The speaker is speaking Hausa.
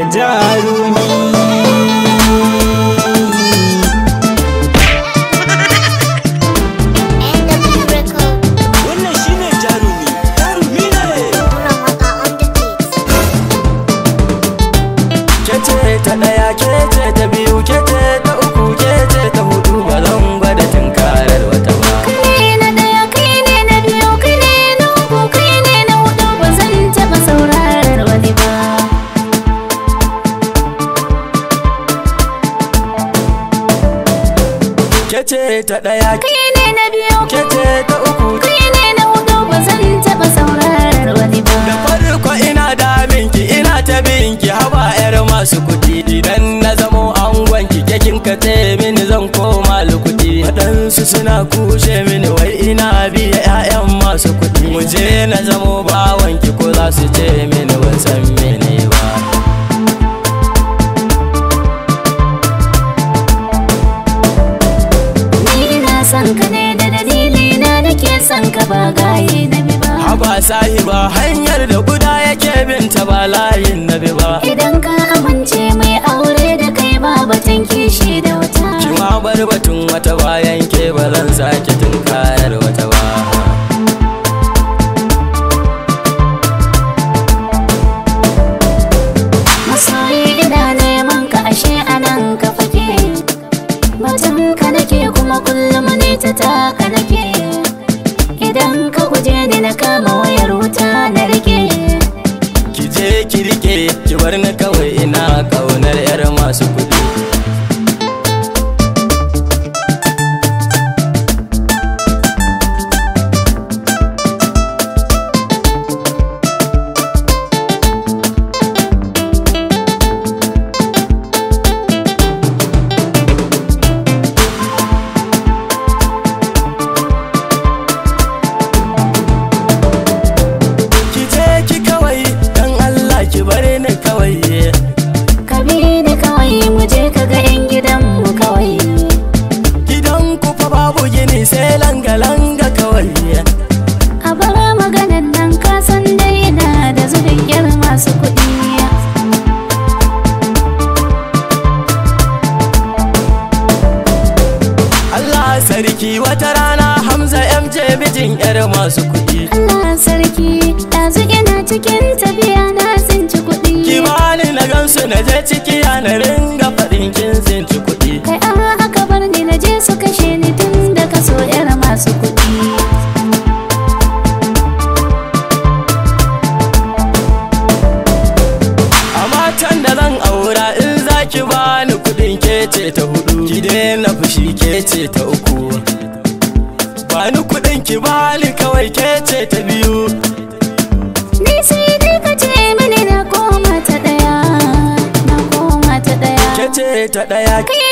jarumi wannan shine jarumi jarumi ne kece ta daya kece ta biyu kece ta ɗaya kai ne na biyu kece ta uku kai ne na hudu ba zan taɓa saurara wani ba da farko ina daminki minki ina ta ki hawa yar masu kuɗi idan na zamo angon ki kekin ka ce mini zan koma lukuti waɗansu suna kushe mini wai ina biya 'ya'yan masu kuɗi mu je na zamo bawanki ko za su ce mini ban san ba ba gaye na ba haba ba hanyar da guda yake binta ba layin na ba idan ka amince mai aure da kai ba batun kishi da wata. kima bar batun wata bayan haske ki bar ni kawai ina kaunar yar masu kuɗi sarki wata rana hamza mj mijin yar masu kuɗi Allah sarki ɗazu ina cikin tafiya na tsinci kuɗi kimanin na gansu na je ciki na ringa faɗin kin tsinci kuɗi kai amma aka bar ni na je su kashe ni tun da kaso yar masu kuɗi A matan da zan aura in zaki bani kuɗin kece ta hudu ki daina fushi kece ta uku ba kudin kuɗin ki bali kawai ke ce ta biyu ni sai dai ka ce mini na koma ta daya, na koma ta ɗaya ke ce ta ɗaya